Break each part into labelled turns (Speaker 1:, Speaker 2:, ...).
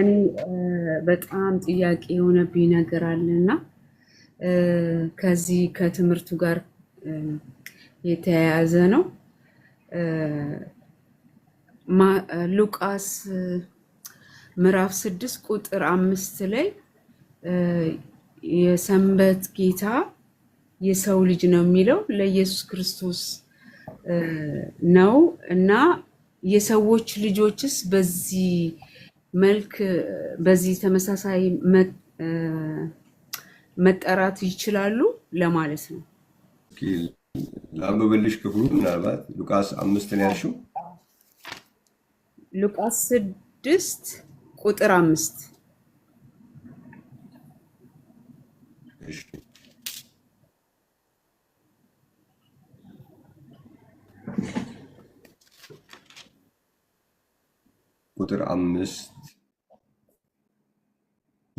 Speaker 1: እኔ በጣም ጥያቄ የሆነብኝ ነገር አለና ከዚህ ከትምህርቱ ጋር የተያያዘ ነው። ሉቃስ ምዕራፍ ስድስት ቁጥር አምስት ላይ የሰንበት ጌታ የሰው ልጅ ነው የሚለው ለኢየሱስ ክርስቶስ ነው እና የሰዎች ልጆችስ በዚህ መልክ በዚህ ተመሳሳይ መጠራት ይችላሉ ለማለት ነው።
Speaker 2: ለአንብብልሽ ክፍሉ ምናልባት ሉቃስ አምስትን ያልሽው
Speaker 1: ሉቃስ ስድስት ቁጥር አምስት
Speaker 2: ቁጥር አምስት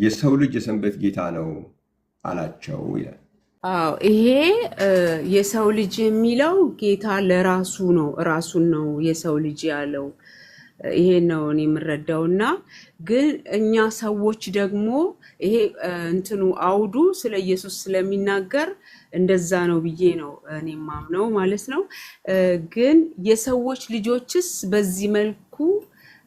Speaker 2: የሰው ልጅ የሰንበት ጌታ ነው አላቸው ይላል።
Speaker 1: አዎ ይሄ የሰው ልጅ የሚለው ጌታ ለራሱ ነው፣ ራሱን ነው የሰው ልጅ ያለው። ይሄ ነው እኔ የምረዳውና ግን እኛ ሰዎች ደግሞ ይሄ እንትኑ አውዱ ስለ ኢየሱስ ስለሚናገር እንደዛ ነው ብዬ ነው እኔ ማምነው ማለት ነው። ግን የሰዎች ልጆችስ በዚህ መልኩ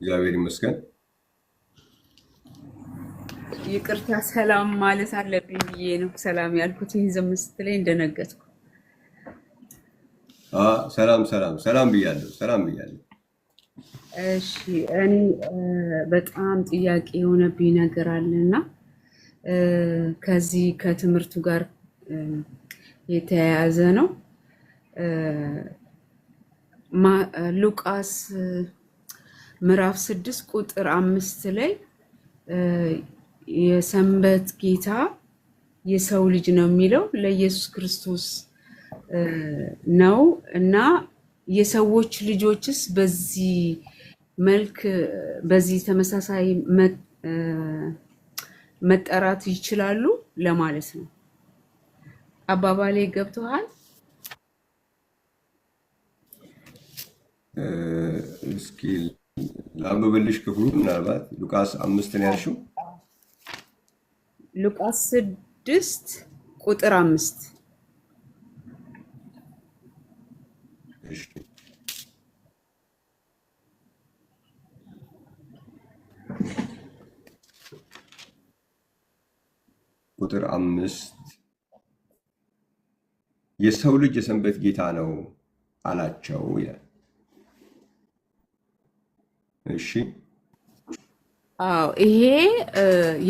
Speaker 2: እግዚአብሔር ይመስገን።
Speaker 1: ይቅርታ ሰላም ማለት አለብኝ ብዬ ነው ሰላም ያልኩት። ይህን ዝም ስትለኝ እንደነገጥኩ።
Speaker 2: ሰላም ሰላም ሰላም ብያለሁ፣ ሰላም ብያለሁ።
Speaker 1: እሺ እኔ በጣም ጥያቄ የሆነብኝ ነገር አለና ከዚህ ከትምህርቱ ጋር የተያያዘ ነው ሉቃስ ምዕራፍ ስድስት ቁጥር አምስት ላይ የሰንበት ጌታ የሰው ልጅ ነው የሚለው ለኢየሱስ ክርስቶስ ነው እና የሰዎች ልጆችስ በዚህ መልክ በዚህ ተመሳሳይ መጠራት ይችላሉ ለማለት ነው። አባባሌ ገብተዋል?
Speaker 2: እስኪ አንብብልሽ ክፍሉ ምናልባት ሉቃስ አምስት ያልሽው።
Speaker 1: ሉቃስ ስድስት ቁጥር አምስት
Speaker 2: ቁጥር አምስት የሰው ልጅ የሰንበት ጌታ ነው አላቸው ይላል። እሺ
Speaker 1: አዎ ይሄ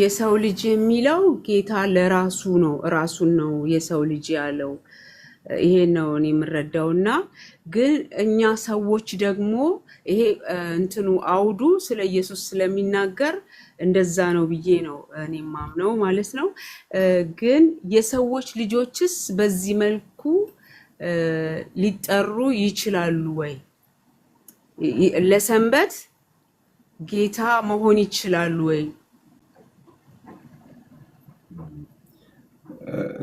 Speaker 1: የሰው ልጅ የሚለው ጌታ ለራሱ ነው፣ ራሱን ነው የሰው ልጅ ያለው። ይሄ ነው እኔ የምረዳውና ግን እኛ ሰዎች ደግሞ ይሄ እንትኑ አውዱ ስለ ኢየሱስ ስለሚናገር እንደዛ ነው ብዬ ነው እኔ ማምነው ማለት ነው። ግን የሰዎች ልጆችስ በዚህ መልኩ ሊጠሩ ይችላሉ ወይ ለሰንበት ጌታ መሆን ይችላሉ ወይ?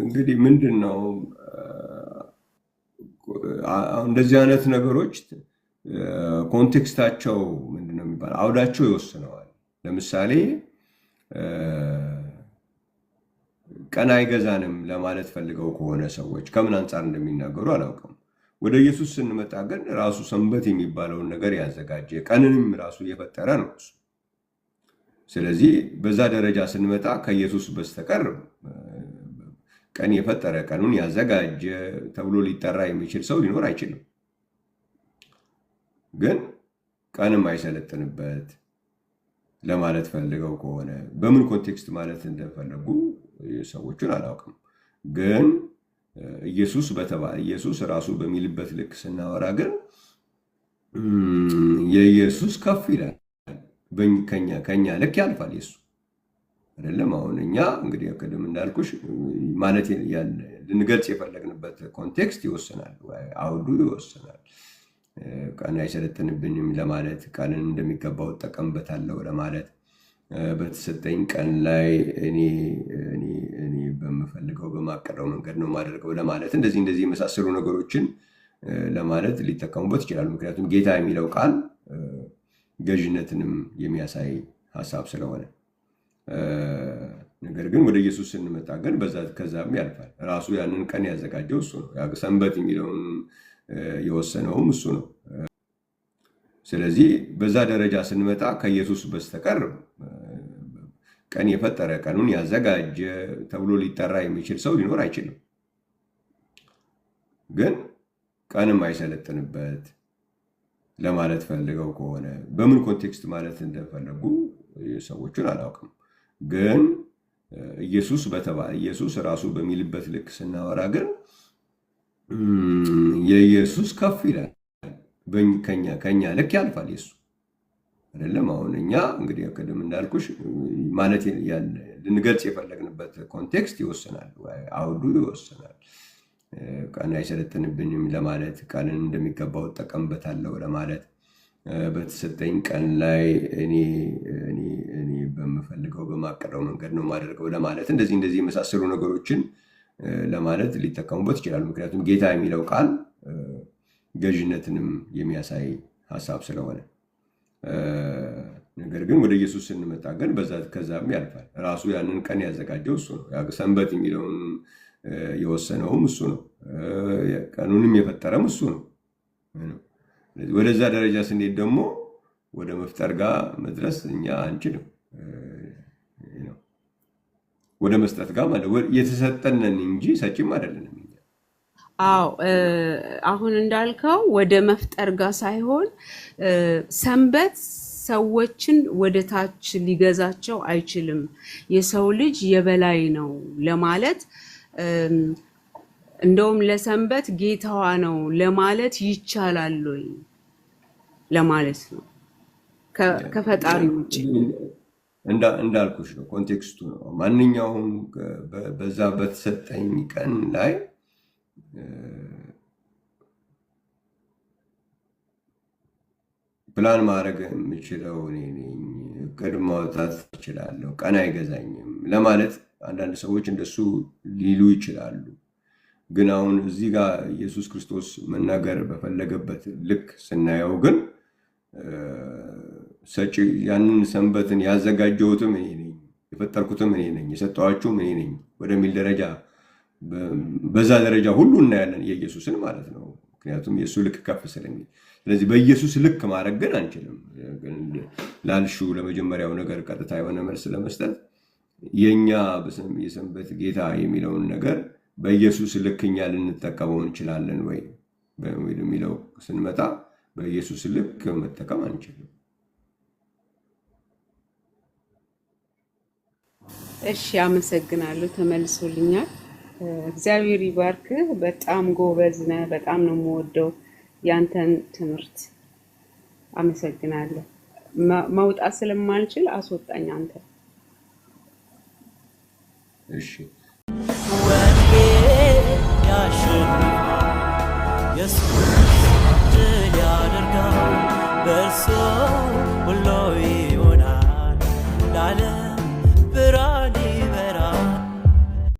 Speaker 2: እንግዲህ ምንድን ነው እንደዚህ አይነት ነገሮች ኮንቴክስታቸው ምንድን ነው የሚባለው አውዳቸው ይወስነዋል። ለምሳሌ ቀን አይገዛንም ለማለት ፈልገው ከሆነ ሰዎች ከምን አንጻር እንደሚናገሩ አላውቅም። ወደ ኢየሱስ ስንመጣ ግን ራሱ ሰንበት የሚባለውን ነገር ያዘጋጀ ቀንንም ራሱ እየፈጠረ ነው እሱ። ስለዚህ በዛ ደረጃ ስንመጣ ከኢየሱስ በስተቀር ቀን የፈጠረ ቀኑን ያዘጋጀ ተብሎ ሊጠራ የሚችል ሰው ሊኖር አይችልም። ግን ቀንም አይሰለጥንበት ለማለት ፈልገው ከሆነ በምን ኮንቴክስት ማለት እንደፈለጉ ሰዎቹን አላውቅም ግን ኢየሱስ በተባለ ኢየሱስ ራሱ በሚልበት ልክ ስናወራ ግን የኢየሱስ ከፍ ይላል፣ ከኛ ልክ ያልፋል። የሱ አይደለም። አሁን እኛ እንግዲህ ቅድም እንዳልኩሽ ማለት ልንገልጽ የፈለግንበት ኮንቴክስት ይወስናል፣ አውዱ ይወስናል። ቀን አይሰለጥንብኝም ለማለት ቀንን እንደሚገባው እጠቀምበታለሁ ለማለት በተሰጠኝ ቀን ላይ እኔ በማቀረው መንገድ ነው ማደርገው ለማለት እንደዚህ እንደዚህ የመሳሰሉ ነገሮችን ለማለት ሊጠቀሙበት ይችላሉ። ምክንያቱም ጌታ የሚለው ቃል ገዥነትንም የሚያሳይ ሀሳብ ስለሆነ ነገር ግን ወደ ኢየሱስ ስንመጣ ግን በዛ ከዛም ያልፋል። ራሱ ያንን ቀን ያዘጋጀው እሱ ነው። ሰንበት የሚለውን የወሰነውም እሱ ነው። ስለዚህ በዛ ደረጃ ስንመጣ ከኢየሱስ በስተቀር ቀን የፈጠረ ቀኑን ያዘጋጀ ተብሎ ሊጠራ የሚችል ሰው ሊኖር አይችልም። ግን ቀንም አይሰለጥንበት ለማለት ፈልገው ከሆነ በምን ኮንቴክስት ማለት እንደፈለጉ ሰዎቹን አላውቅም። ግን ኢየሱስ ኢየሱስ ራሱ በሚልበት ልክ ስናወራ ግን የኢየሱስ ከፍ ይላል፣ ከኛ ልክ ያልፋል የሱ አይደለም። አሁን እኛ እንግዲህ ቅድም እንዳልኩሽ ማለት ልንገልጽ የፈለግንበት ኮንቴክስት ይወሰናል። አውዱ ይወሰናል። ቀን አይሰለጥንብኝም ለማለት ቀንን እንደሚገባው እጠቀምበታለሁ ለማለት በተሰጠኝ ቀን ላይ እኔ በምፈልገው በማቀደው መንገድ ነው ማደርገው ለማለት እንደዚህ እንደዚህ የመሳሰሉ ነገሮችን ለማለት ሊጠቀሙበት ይችላሉ። ምክንያቱም ጌታ የሚለው ቃል ገዥነትንም የሚያሳይ ሀሳብ ስለሆነ ነገር ግን ወደ ኢየሱስ ስንመጣ ግን ከዛም ያልፋል። ራሱ ያንን ቀን ያዘጋጀው እሱ ነው። ሰንበት የሚለውን የወሰነውም እሱ ነው። ቀኑንም የፈጠረም እሱ ነው። ወደዛ ደረጃ ስንሄድ ደግሞ ወደ መፍጠር ጋር መድረስ እኛ አንችልም። ወደ መስጠት ጋር ማለት የተሰጠነን እንጂ ሰጪም አይደለንም።
Speaker 1: አዎ አሁን እንዳልከው ወደ መፍጠር ጋር ሳይሆን ሰንበት ሰዎችን ወደ ታች ሊገዛቸው አይችልም፣ የሰው ልጅ የበላይ ነው ለማለት እንደውም ለሰንበት ጌታዋ ነው ለማለት ይቻላል ወይ ለማለት ነው ከፈጣሪ ውጭ
Speaker 2: እንዳልኩሽ ነው። ኮንቴክስቱ ነው። ማንኛውም በዛ በተሰጠኝ ቀን ላይ ፕላን ማድረግ የምችለው እኔ ነኝ፣ እቅድ ማውጣት እችላለሁ፣ ቀን አይገዛኝም ለማለት አንዳንድ ሰዎች እንደሱ ሊሉ ይችላሉ። ግን አሁን እዚህ ጋር ኢየሱስ ክርስቶስ መናገር በፈለገበት ልክ ስናየው ግን ሰጪ ያንን ሰንበትን ያዘጋጀሁትም እኔ ነኝ፣ የፈጠርኩትም እኔ ነኝ፣ የሰጠኋችሁም እኔ ነኝ ወደሚል ደረጃ በዛ ደረጃ ሁሉ እናያለን የኢየሱስን ማለት ነው። ምክንያቱም የእሱ ልክ ከፍ ስለሚል ስለዚህ በኢየሱስ ልክ ማድረግ ግን አንችልም። ላልሹ ለመጀመሪያው ነገር ቀጥታ የሆነ መልስ ለመስጠት የእኛ የሰንበት ጌታ የሚለውን ነገር በኢየሱስ ልክ እኛ ልንጠቀመው እንችላለን ወይ የሚለው ስንመጣ በኢየሱስ ልክ መጠቀም አንችልም።
Speaker 1: እሺ፣ አመሰግናለሁ። ተመልሶልኛል። እግዚአብሔር ይባርክ። በጣም ጎበዝ ነህ። በጣም ነው የምወደው ያንተን ትምህርት። አመሰግናለሁ። መውጣት ስለማልችል አስወጣኝ አንተ። እሺ